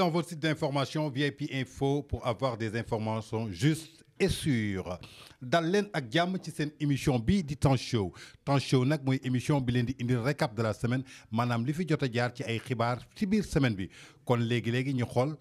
dans votre site d'information VIP Info pour avoir des informations justes et sûres dans Agam, ak jàmm ci émission bi dit Temps Show Temps Show nag une émission bi lundi. di récap de la semaine Madame li fi qui a jaar ci ay ci semaine bi kon légui légui ñu xol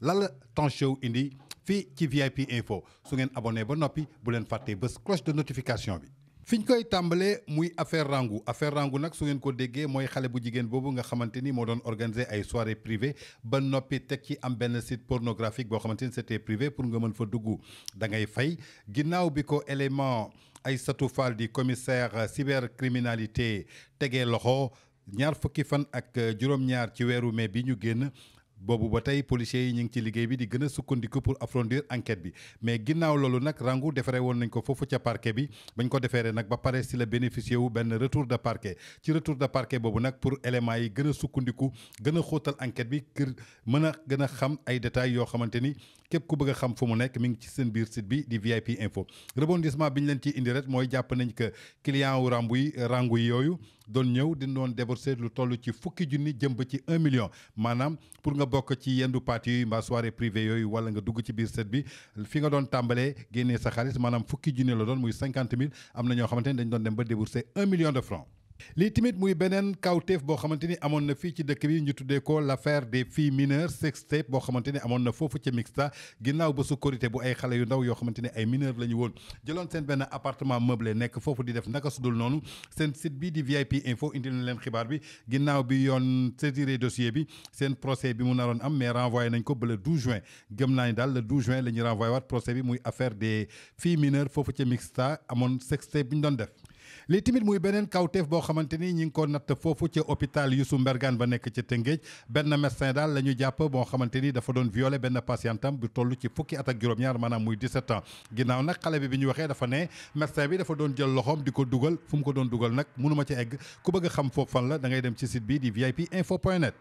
la la Temps Show indi fi ci VIP Info su vous abonné ba noppi bu leen fàttee cloche de notification bi fiñ koy tambalé muy affaire Rangou affaire Rangou nak su ngeen ko déggé moy xalé bu jigen bobu nga xamanteni mo doon organiser ay soirée privée ba nopi teg ci am ben site pornographique bo xamanteni c'était privé pour nga mën fa duggu da ngay fay ginnaw bi ko élément satou Fall di commissaire cybercriminalité tegee loxo ñaar fukki fan ak juroom ñaar ci wéru mai bi ñu génn boobu ba tey policiers yi ñu ngi ci liggéey bi di gën a sukkandiku pour approfondir enquête bi mais ginnaaw loolu nag Rangou defaree woon nañ ko foofu ca parquet bi bañ ko deferee nag ba pare si la bénéficier wu benn retour de parquet ci retour de parquet boobu nag pour éléments yi gën a sukkandiku gën a xóotal enquête bi kër mën a gën a xam ay détails yoo xamante ni képp ku bëgg xam fu mu nekk mu ngi ci seen biir site bi di VIP info rebondissement bi ñu leen ciy indi rek mooy jàpp nañ que client wu Rangou yi yooyu doon ñëw di doon débourser lu toll ci fukki junni jëm ci un million manam pour nga bokk ci yendu parti yooyu soirée privée yooyu wala nga dugg ci biir set bi fi nga doon tambalé génnee sa xaliss manam fukki junni la doon muy 50000 amna ño na dañ doon dem ba débourser 1 million de francs lii tamit muy benen kawteef bo xamanteni ni na fi ci dëkk bi ñu tuddee ko l'affaire des filles mineures sextape boo xamante ni amoon na foofu ca Mixta ginnaw bu su korité bu ay xalé yu ndaw yo xamanteni ay mineurs lañu ñu woon jëloon seen benn appartement meublé nek fofu di def naka sudul noonu seen site bi di VIP info indil na leen xibaar bi ginnaw bi yoon saisiré dossier bi sen procès bi mu naroon am mais renvoyé nañ ko ba le 12 juin gëm naa ni daal le 12 juin lañu ñuy renvoyé waat procès bi muy affaire des filles mineures fofu ci Mixta amoon sextape bi ñu don def lii tamit muy beneen kawteef boo xamante ni ñi ngi ko natt foofu ca hôpital Youssou Mbergane ba nekk ca Tëngéej benn médecin daal la ñu jàpp boo xamante ni dafa doon violé benn patientam bu toll ci fukki at ak juróom-ñaar maanaam muy 17 ans ginnaaw nag xale bi bi ñu waxee dafa ne médecin bi dafa doon jël loxoom di ko dugal fu mu ko doon dugal nag mënu ma ca egg ku bëgg xam foofu la da ngay dem ci site bi di vip info point net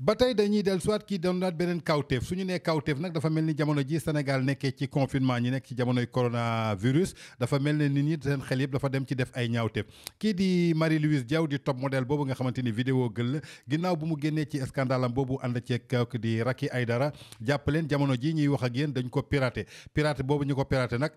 ba tey dañuy del soit kii doon naat beneen kawteef suñu ñu nee kawteef nag dafa mel ni jamono ji Sénégal nekkee ci confinement ñi nekk ci jamonoy coronavirus dafa mel ne nit ñi seen xel yëpp dafa dem ci def ay ñaawteef kii di Marie-Louise Diaw di top modèle boobu nga xamante ni vidéo gël la ginnaaw bu mu génnee ci scandale am boobu ànd ceeg kawk di Racky Aïdara jàpp leen jamono ji ñuy wax ak yéen dañ ko piraté piraté boobu ñu ko piraté nag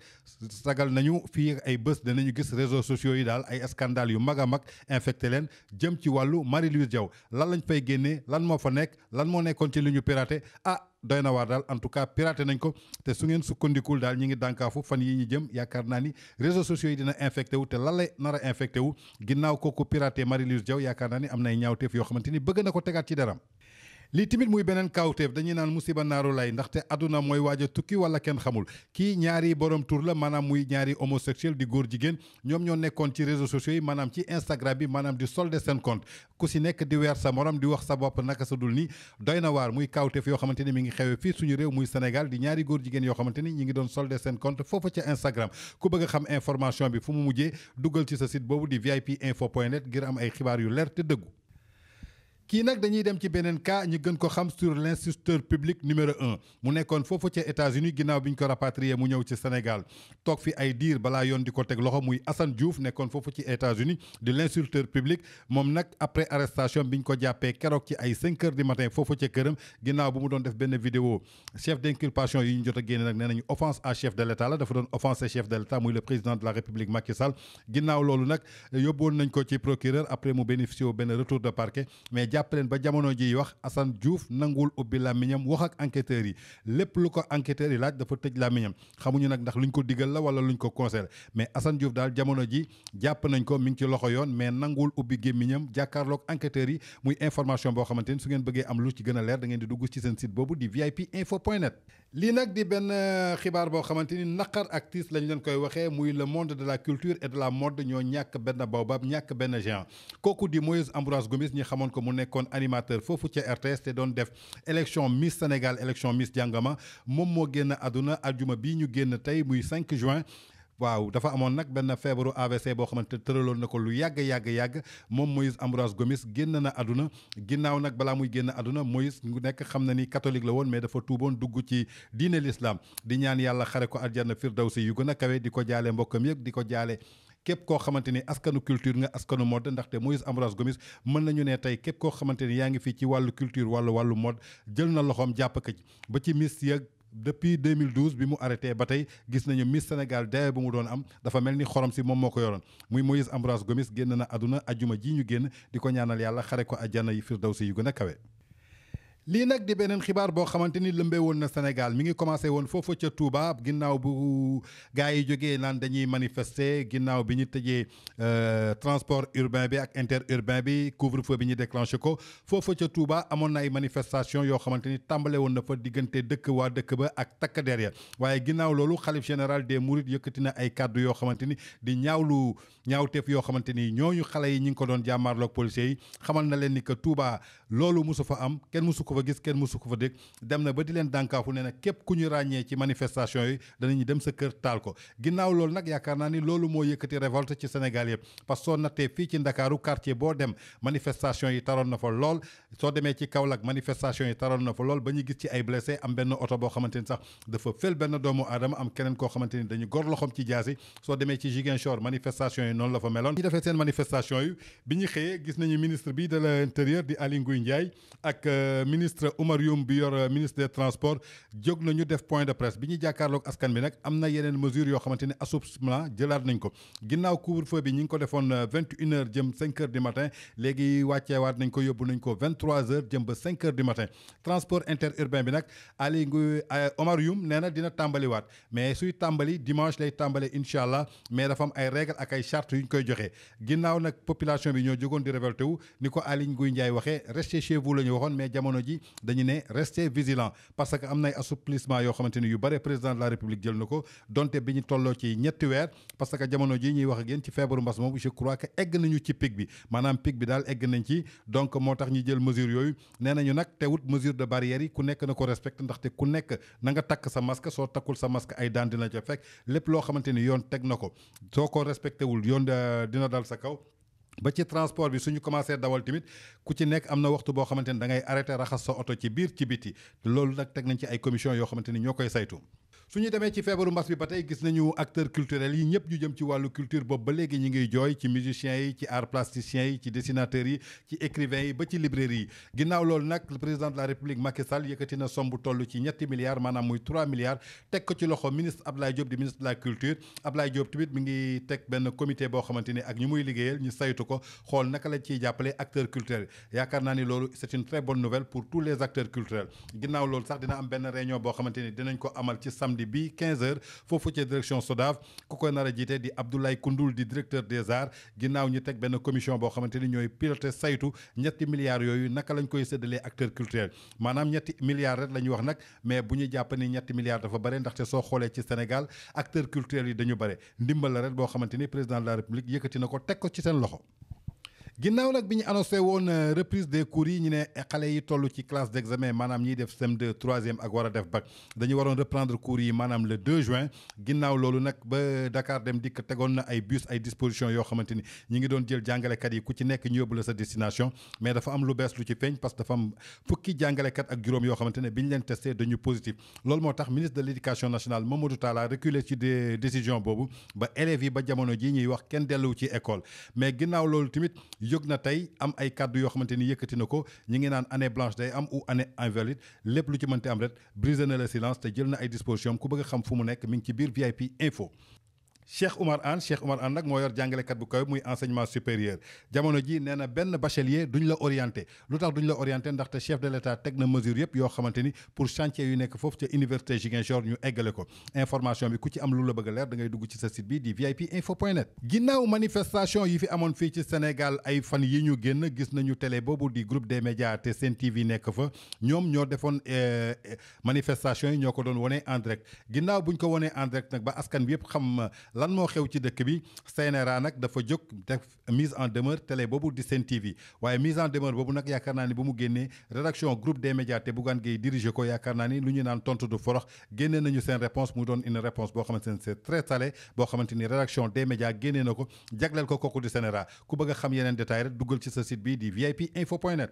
sagal nañu fii ay bés danañu gis réseaux sociaux yi daal ay scandale yu mag a mag infecté leen jëm ci wàllu Marie-Louise Diaw lan lañ fay génnee lan nekk lan moo nekkoon ci li ñu piraté ah doy na waar daal en tout cas piraté nañ ko te su ngeen sukkandikul daal ñi ngi dànkaafu fan yi ñu jëm yaakaar naa ni réseaux sociaux yi dina infecté wu te lan lay nar a infecté wu ginnaaw kooku piraté Marie Louise Diaw yaakaar naa ni am nay ñaawteef yoo xamante ni bëgg na ko tegaat ci deram lii tamit muy beneen kawteef dañu naan musiba naaru lay ndaxte aduna mooy waaj a tukki wala kenn xamul kii ñaari borom tur la maanaam muy ñaari homosexuel di góor jigéen ñoom ñoo nekkoon ci réseaux sociaux yi maanaam ci Instagram bi maanaam di solde seen compte ku si nekk di weer sa morom di wax sa bopp naka sa nii doy na waar muy kawteef yoo xamante ni mi ngi xewee fii suñu réew muy Sénégal di ñaari góor jigéen yoo xamante ni ñi ngi doon solde seen compte foofu ca Instagram ku bëgg a bi fu mu mujjee duggal ci sa site boobu di vip info point net ay xibaar yu leer te Qui nak dañuy dem ci benen cas ñu gën ko xam sur l'instituteur public numéro un mu nekkoon fofu ci États-Unis ginnaw biñ ko rapatrier mu ñëw ci Sénégal tok fi ay diir bala yon di ko teg loxo muy Assane Diouf nekkoon fofu ci États-Unis de l'instituteur public mom nak après arrestation biñ ko jappé kérok ci ay 5h du matin fofu ci kërëm ginnaw bu mu don def benn vidéo chef d'inculpation yi ñu jot a nak nag nañu offense à chef de l'État la dafa doon offenser chef de l'État muy le président de la République Macky Sall ginnaw lolu nak yóbbuwoon nañ ko ci procureur après mu bénéficier ben retour de parquet mais appleen ba jamono jiy wax Assane Diouf nanguwul ubbi làmmiñam wax ak enquêteurs yi lépp lu ko enquêteurs yi laaj dafa tëj làmmiñam xamuñu nag ndax luñ ko digal la wala luñ ko conseil mais Assane Diouf daal jamono ji jàpp nañ ko mu ngi ci loxo yoon mais nanguwul ubbi gémmiñam jàkkaarloog enquêteurs yi muy information boo xamante ni su ngeen bëggee am lu ci gën leer dangeen di dugg ci seen site boobu di vip info point net li nak di Ben xibaar boo xamante ni naqar ak lañ leen koy waxee muy le monde de la culture et de la mode ñoo ñàkk benn baobab ñàkk benn géant kooku di moise Ambroise Gomis ñi xamoon ko mu nekkoon animateur foofu ca RTS te doon def élection Miss Sénégal élection Miss Jàngama moom moo génn aduna aljuma bii ñu génn tey muy 5 juin waaw dafa amoon nag benn feebaru AVC boo xamante tëraloon na ko lu yàgg yàgg yàgg moom Moïse Ambroise Gomis génn na àdduna ginnaaw nag balaa muy génn àdduna Moïse ngu nekk xam na ni catholique la woon mais dafa tuuboon dugg ci diine l'islam di ñaan yàlla xare ko aljanna firdawsi yu gën a kawe di ko jaale mbokkam yëpp di ko jaale képp koo xamante ni askanu culture nga askanu mode ndaxte Moïse Ambroise Gomis mën nañu ne tey képp koo xamante ni yaa ngi fii ci wàllu culture wàllu wàllu mode jël na loxoom jàpp ko depuis 2012 bi mu arrêté ba tey gis nañu Miss Sénégal day bu mu doon am dafa melni xorom ci mom moko yoron muy Moïse Ambroise Gomis génn na aduna aljuma ji ñu génn diko ñaanal yàlla xare ko aljana yi firdawsi yu gën a kawe li nak di benen xibar bo xamanteni ni lëmbee na senegal mi ngi commencé won fofu ca Touba ginnaw bu gaay yi jógee naan dañuy manifester ginnaw biñu teje tëjee euh, transport urbain bi ak interurbain bi couvre-feu biñu déclencher ko fofu ca Touba amoon na ay manifestation yo xamanteni tambalé won na fa diggante dëkk wa dëkk ba ak takk der ya waaye ginnaaw loolu xalif général des Mourides yëkëti na ay kàddu yo xamanteni di ñaawlu ñaawtef yo xamanteni ñoñu xalé yi ñing ko doon jàmmaarloog policier yi xamal na len ni que Touba lolu mosu fa am ken mosu ko fa gis kenn musu ko fa dégg dem na ba di leen fu ne na képp ku ñu ràññee ci manifestation yi ñu dem sa kër taal ko ginnaaw loolu nag yaakaar naa ni loolu moo yëkkati révolte ci Sénégal yëpp parce soo nattee fii ci Ndakaaru quartier boo dem manifestation yi taroon na fa lool soo demee ci Kaolack manifestation yi taroon na fa lool ba ñu gis ci ay blessé am benn oto boo xamante ni sax dafa fël benn doomu aadama am keneen koo xamante ni dañu gor loxom ci jaasi soo demee ci Ziguinchor manifestation yi noonu la fa meloon ñu defee seen manifestation yi bi ñu xëyee gis nañu ministre bi de l'intérieur di Aly Ndiaye ak euh, ministre Omarium, Youm Biyor euh, ministre des transports jóg nañu def point de presse biñu ñu askan bi nak amna na yeneen mesures yoo xamante ne assouplissement nañ ko ginnaw couvre-feu bi ñing ko defon euh, vingt h jëm cinq heures du matin wacce waat nañ ko yobbu nañ ko vingt h jëm ba cinq heures du matin transport interurbain bi nak Aly Omar Oumar Youm nee mais suy Tambali dimanche lay tambalé inshallah mais dafa am ay règles ak ay charte yuñ koy joxé ginnaw nak population bi ñoo jogon di révolté wu niko ko Ndiaye restez chez vous lañu waxon mais jamono ji dañu ne rester vigilant parce que am nay assouplissement yoo xamante ni yu bare président de la république jël na ko donte bi ñu tolloo ci ñetti weer parce que jamono ji ñuy wax ak yéen ci feebaru mbas moom je crois que egg nañu ci pic bi maanaam pic bi daal egg nañ ci donc moo tax ñu jël mesure yooyu nee nañu nag te mesure de barrière yi ku nekk na ko respecté ndaxte ku nekk na nga takk sa masque soo takkul sa masque ay daan dina ca fekk lépp loo xamante ni yoon teg na ko soo ko respecté wul yoon euh, dina dal sa kaw ba ci transport bi suñu commencé dawal tamit ku ci nekk am na waxtu boo xamante ni da ngay arrêté raxas sa oto ci biir ci biti loolu nag teg nañ ci ay commission yoo xamante ni ñoo koy saytu su démé ci feebaru mbas bi patay gis nañu acteurs culturels yi ñëpp ñu jëm ci walu culture boobu ba légui ñi ngi joy ci musiciens yi ci art plasticien yi ci dessinateurs yi ci écrivains yi ba ci librairie yi ginnaaw loolu nag le président de la république Macky Sall yëkëti na sombu tollu ci ñetti milliards manam muy 3 milliards tek ko ci loxo ministre Abdoulaye Diop di ministre de la culture Abdoulaye Diop tamit mi ngi tek ben comité bo xamanteni ak ñu muy liggéeyal ñu saytu ko xol naka la ci jappalé acteurs culturels yaakaar naa ni loolu c'est une très bonne nouvelle pour tous les acteurs culturels ginnaw lool sax dina am ben réunion bo xamanteni dinañ ko amal ci samedi samedi bi 15h fofu ci direction SODAV ku ko nar a jiite di Abdoulaye Koundoul di directeur des arts ginnaw ñu tek ben commission bo xamanteni ñoy ñooy saytu ñetti milliards yoyu naka lañ koy séddalee acteurs culturels manam ñetti milliards rek lañ wax nak mais buñu ñu ni ñetti milliards dafa bare ndaxte so xolé ci Sénégal acteurs culturels yi dañu bare ndimbal la rek boo xamante président de la république yëkëti nako tek ko ci sen loxo ginnaw nak biñu annoncé euh, reprise des cours yi ñu xalé yi tollu ci classe d'examen manam ñi def sem 2 troisième ak wara def bac dañu reprendre cours yi manam le 2 juin ginnaw loolu nak ba Dakar dem dik tegoon na ay bus ay disposition yo xamanteni ñi ngi doon jël kat yi ku ci nekk ñu sa destination mais dafa am lu bess lu ci peñ parce dafa am fukki kat ak juroom yo xamanteni ne leen testé dañu positif loolu motax ministre de l'éducation nationale Mamadou Tala reculé ci décisions bobu ba élèves yi ba jamono ji ñi wax kenn ci école mais ginnaw loolu timit jóg na tey am ay kàddu yoo xamante ni yëkkati na ko ñi ngi naan année blanche day am ou année invalide lép lu ci mënti am rek brisé na le silence te jël na ay disposition ku bëgg a xam fu mu nekk mi ngi ci biir VIP info Cheikh Omar Anne Cheikh Omar Anne nak mo yor jangale kat bu kaw muy enseignement supérieur jamono ji nee ben bachelier duñ la orienter lu duñ la orienté ndaxte chef de l'état tek na mesure yep yo xamanteni pour chantier yu nek fofu ci université Ziguinchor ñu égalé ko information bi ku ci am lu la bëgg a da ngay dugg ci sa site bi di vipinfo.net ginnaw manifestation yi fi amone fi ci Sénégal ay fan yi ñu genn gis nañu télé bobu di groupe des médias té Sen TV nek fa ñom ñoo defoon eh, eh, manifestation yi ñoo ko doon en direct ginnaw buñ ko woné en direct nak ba askan bi yep xam lan moo xew ci dëkk bi CNRA nag dafa jóg def mise en demeure télé boobu di Sen TV waaye mise en demeure boobu nag yaakaar naa ni bu mu génnee rédaction groupe des médias te Bougane Gueye dirigé ko yaakaar naa ni lu ñu naan tontu du forox génne nañu seen réponse mu doon une réponse boo xamante ne c'est très salé boo xamante ni rédaction des médias génnee na ko jagleel ko kooku di CNRA ku bëgg a xam yeneen détails rek duggal ci sa site bi di vip info point net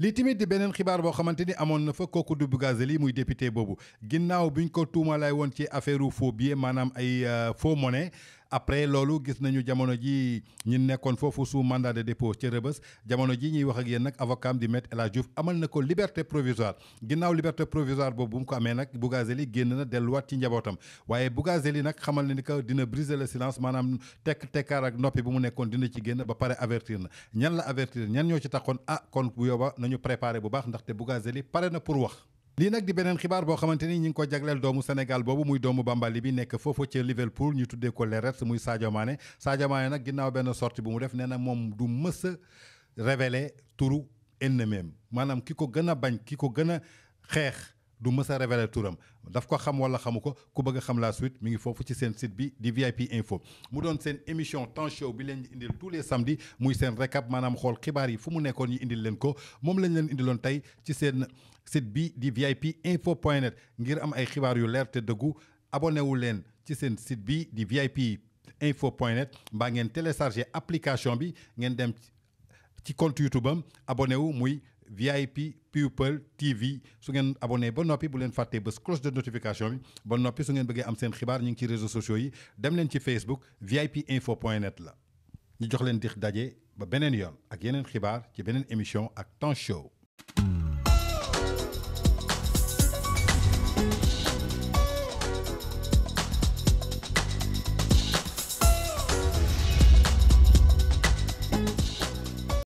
lii tamit di beneen xibaar boo xamante ni amoon na fa kooku du Bougazelli muy député boobu ginnaaw bi ñu ko tuumalaay woon ci affaire faux billets maanaam ay euh, faux monnaie après Lolu gis nañu jamono ji ñi nekkon fofu sous mandat de dépôt ci rebeus jamono ji ñi wax ak yeen nak avocat di met El amal na ko liberté provisoire ginnaaw liberté provisoire bobu bu mu ko amé nak Bougazeli genn na delluwaat ci njabootam waye Bougazeli nak xamal ni que dina briser le silence manam tek tekkaar ak Nopi bu mu nekkon dina ci genn ba paré avertir na ñan la avertir ñan ñoo ci taxone ah kon bu yoba nañu préparer bu baax ndaxte Bougazeli paré na pour wax lii nag di beneen xibaar boo xamante ni ñu ngi ko jagleel doomu Sénégal boobu muy doomu Bambali bi nekk foofu ca Liverpool ñu tuddee ko Lérès muy Sadio Mané Sadio Mané nag ginnaaw benn sortie bu mu def nee na moom du mës a révélé turu ennemi maanaam ki ko gën a bañ ki ko gën a xeex. du ne a révélé touram daf ko xam la suite mi ngi fofu ci site VIP info mu doon émission temps show bi tous les samedis muy sen récap manam xol xibaar yi fu mu Indi ñu indil leen ko mom lañ leen ci site VIP info ngir am ay xibaar yu leer abonné wu site VIP info télécharger application bi ngeen dem compte YouTube am abonné VIP People TV vous ngeen abonné vous bu faire une cloche de notification Si vous voulez am réseaux sociaux yi dem Facebook VIPinfo.net. info la ñu jox di émission ak show